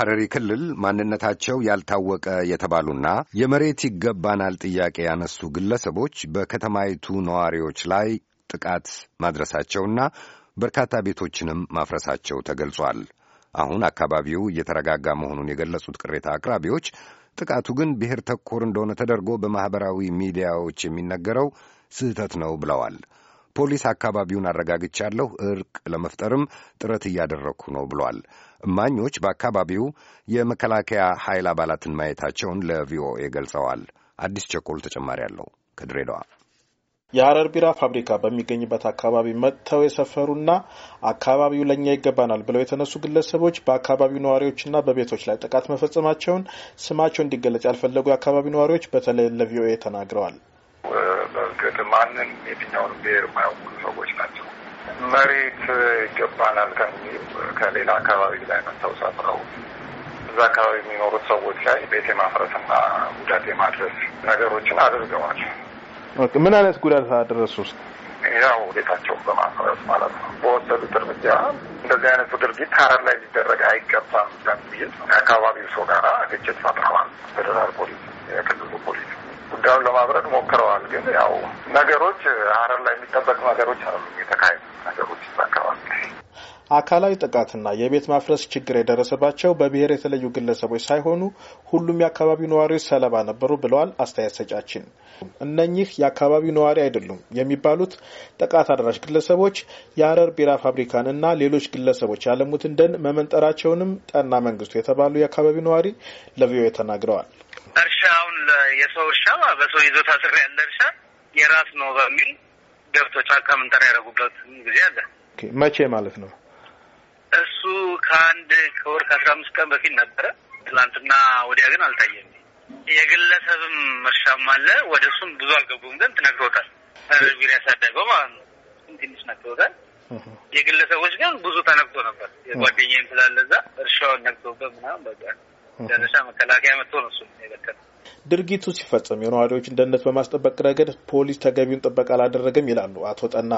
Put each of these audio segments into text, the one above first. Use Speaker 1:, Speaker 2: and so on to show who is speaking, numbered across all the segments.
Speaker 1: ሐረሪ ክልል ማንነታቸው ያልታወቀ የተባሉና የመሬት ይገባናል ጥያቄ ያነሱ ግለሰቦች በከተማይቱ ነዋሪዎች ላይ ጥቃት ማድረሳቸውና በርካታ ቤቶችንም ማፍረሳቸው ተገልጿል። አሁን አካባቢው እየተረጋጋ መሆኑን የገለጹት ቅሬታ አቅራቢዎች ጥቃቱ ግን ብሔር ተኮር እንደሆነ ተደርጎ በማኅበራዊ ሚዲያዎች የሚነገረው ስህተት ነው ብለዋል። ፖሊስ አካባቢውን አረጋግቻለሁ፣ እርቅ ለመፍጠርም ጥረት እያደረግኩ ነው ብሏል። እማኞች በአካባቢው የመከላከያ ኃይል አባላትን ማየታቸውን ለቪኦኤ ገልጸዋል። አዲስ ቸኮል ተጨማሪ አለው ከድሬዳዋ
Speaker 2: የሀረር ቢራ ፋብሪካ በሚገኝበት አካባቢ መጥተው የሰፈሩና አካባቢው ለእኛ ይገባናል ብለው የተነሱ ግለሰቦች በአካባቢው ነዋሪዎችና በቤቶች ላይ ጥቃት መፈጸማቸውን ስማቸው እንዲገለጽ ያልፈለጉ የአካባቢው ነዋሪዎች በተለይ ለቪኦኤ ተናግረዋል።
Speaker 3: በእርግጥ ማንም የትኛውን ብሔር የማያውቁ ሰዎች ናቸው። መሬት ይገባናል ከሚል ከሌላ አካባቢ ላይ መጥተው ሰፍረው እዛ አካባቢ የሚኖሩት ሰዎች ላይ ቤት የማፍረስና ጉዳት የማድረስ ነገሮችን አድርገዋል።
Speaker 2: ምን አይነት ጉዳት አደረሱ? ውስጥ ያው ቤታቸውን በማፍረስ ማለት ነው። በወሰዱት
Speaker 3: እርምጃ እንደዚህ አይነቱ ድርጊት ሀረር ላይ ሊደረግ አይገባም በሚል ከአካባቢው ሰው ጋራ ግጭት ፈጥረዋል። ፌደራል ፖሊስ፣ የክልሉ ፖሊስ ጉዳዩን ለማብረድ ሞክረዋል። ግን ያው ነገሮች አረር ላይ የሚጠበቅ ነገሮች አሉ የተካሄዱ ነገሮች
Speaker 2: አካላዊ ጥቃትና የቤት ማፍረስ ችግር የደረሰባቸው በብሔር የተለዩ ግለሰቦች ሳይሆኑ ሁሉም የአካባቢው ነዋሪዎች ሰለባ ነበሩ ብለዋል አስተያየት ሰጫችን። እነኚህ የአካባቢው ነዋሪ አይደሉም የሚባሉት ጥቃት አድራሽ ግለሰቦች የአረር ቢራ ፋብሪካን እና ሌሎች ግለሰቦች ያለሙትን ደን መመንጠራቸውንም ጠና መንግስቱ የተባሉ የአካባቢው ነዋሪ ለቪኦኤ ተናግረዋል። እርሻ አሁን የሰው እርሻ በሰው ይዞታ ስር ያለ እርሻ የራስ ነው በሚል ገብቶ ጫካ ያደረጉበት ጊዜ አለ። መቼ
Speaker 3: ማለት ነው? እሱ ከአንድ ከወር ከአስራ አምስት ቀን በፊት ነበረ። ትላንትና ወዲያ ግን አልታየም። የግለሰብም እርሻም አለ። ወደ እሱም ብዙ አልገቡም፣ ግን ትነግሮታል። ቢር ያሳደገው ማለት ነው። ትንሽ ነግሮታል። የግለሰቦች ግን ብዙ ተነግቶ ነበር። የጓደኛዬም ስላለ እዛ እርሻውን ነግቶበት ምናምን በቃ ደረሻ መከላከያ መጥቶ ነው እሱ የበከተ
Speaker 2: ድርጊቱ ሲፈጸም የነዋሪዎችን ደህንነት በማስጠበቅ ረገድ ፖሊስ ተገቢውን ጥበቃ አላደረገም ይላሉ አቶ ጠና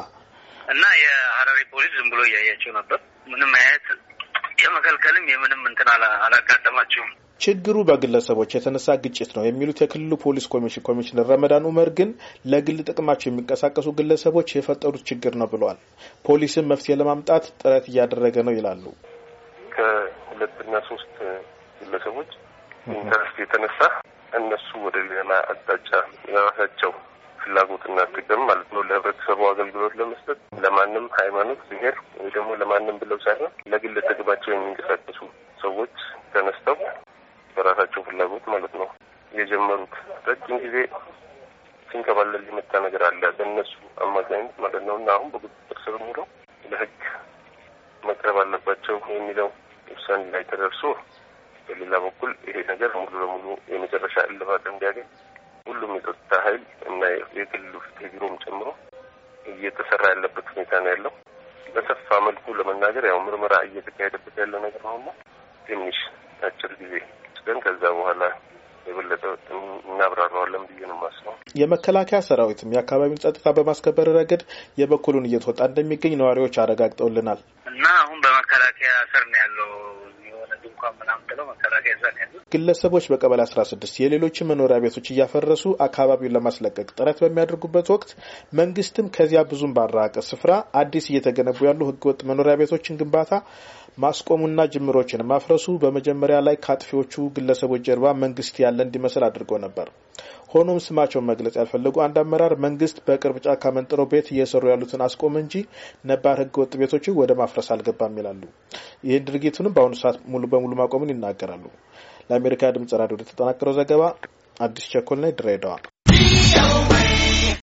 Speaker 3: እና የሀረሪ ፖሊስ ዝም ብሎ እያያቸው ነበር ምንም አይነት የመከልከልም የምንም እንትን አላጋጠማቸውም።
Speaker 2: ችግሩ በግለሰቦች የተነሳ ግጭት ነው የሚሉት የክልሉ ፖሊስ ኮሚሽን ኮሚሽነር ረመዳን ኡመር ግን ለግል ጥቅማቸው የሚንቀሳቀሱ ግለሰቦች የፈጠሩት ችግር ነው ብለዋል። ፖሊስም መፍትሄ ለማምጣት ጥረት እያደረገ ነው ይላሉ።
Speaker 3: ከሁለትና ሶስት ግለሰቦች ኢንተረስት የተነሳ እነሱ ወደ ሌላ አቅጣጫ የራሳቸው ፍላጎትና ጥቅም ማለት ነው ለህብረተሰቡ አገልግሎት ለመስጠት ለማንም ሃይማኖት፣ ብሔር ወይ ደግሞ ለማንም ብለው ሳይሆን ለግል ጥቅማቸው የሚንቀሳቀሱ ሰዎች ተነስተው በራሳቸው ፍላጎት ማለት ነው የጀመሩት ረጅም ጊዜ ሲንከባለል የመጣ ነገር አለ በእነሱ አማካኝነት ማለት ነው እና አሁን በቁጥጥር ስር ውሎ ለህግ መቅረብ አለባቸው የሚለው ውሳኔ ላይ ተደርሶ በሌላ በኩል ይሄ ነገር ሙሉ ለሙሉ የመጨረሻ እልባት እንዲያገኝ ሁሉም የጸጥታ ኃይል እየተሰራ ያለበት ሁኔታ ነው ያለው። በሰፋ መልኩ ለመናገር ያው ምርመራ እየተካሄደበት ያለ ነገር ነውና ትንሽ አጭር ጊዜ ስደን ከዛ በኋላ የበለጠ እናብራረዋለን ብዬ ነው የማስበው።
Speaker 2: የመከላከያ ሰራዊትም የአካባቢውን ጸጥታ በማስከበር ረገድ የበኩሉን እየተወጣ እንደሚገኝ ነዋሪዎች አረጋግጠውልናል
Speaker 3: እና አሁን በመከላከያ ስር ነው ያለው እንኳን ምናምን ብለው መከራከያ
Speaker 2: ይዘን ያሉት ግለሰቦች በቀበሌ አስራ ስድስት የሌሎችን መኖሪያ ቤቶች እያፈረሱ አካባቢውን ለማስለቀቅ ጥረት በሚያደርጉበት ወቅት መንግስትም ከዚያ ብዙም ባራቀ ስፍራ አዲስ እየተገነቡ ያሉ ህገወጥ መኖሪያ ቤቶችን ግንባታ ማስቆሙና ጅምሮችን ማፍረሱ በመጀመሪያ ላይ ከአጥፊዎቹ ግለሰቦች ጀርባ መንግስት ያለ እንዲመስል አድርጎ ነበር። ሆኖም ስማቸውን መግለጽ ያልፈለጉ አንድ አመራር መንግስት በቅርብ ጫካ መንጥሮ ቤት እየሰሩ ያሉትን አስቆም እንጂ ነባር ወጥ ቤቶችን ወደ ማፍረስ አልገባም ይላሉ። ይህን ድርጊቱንም በአሁኑ ሰዓት ሙሉ በሙሉ ማቆምን ይናገራሉ። ለአሜሪካ ድምጽ ራዲዮ ተጠናቀረው ዘገባ አዲስ ቸኮል ላይ ድሬዳዋ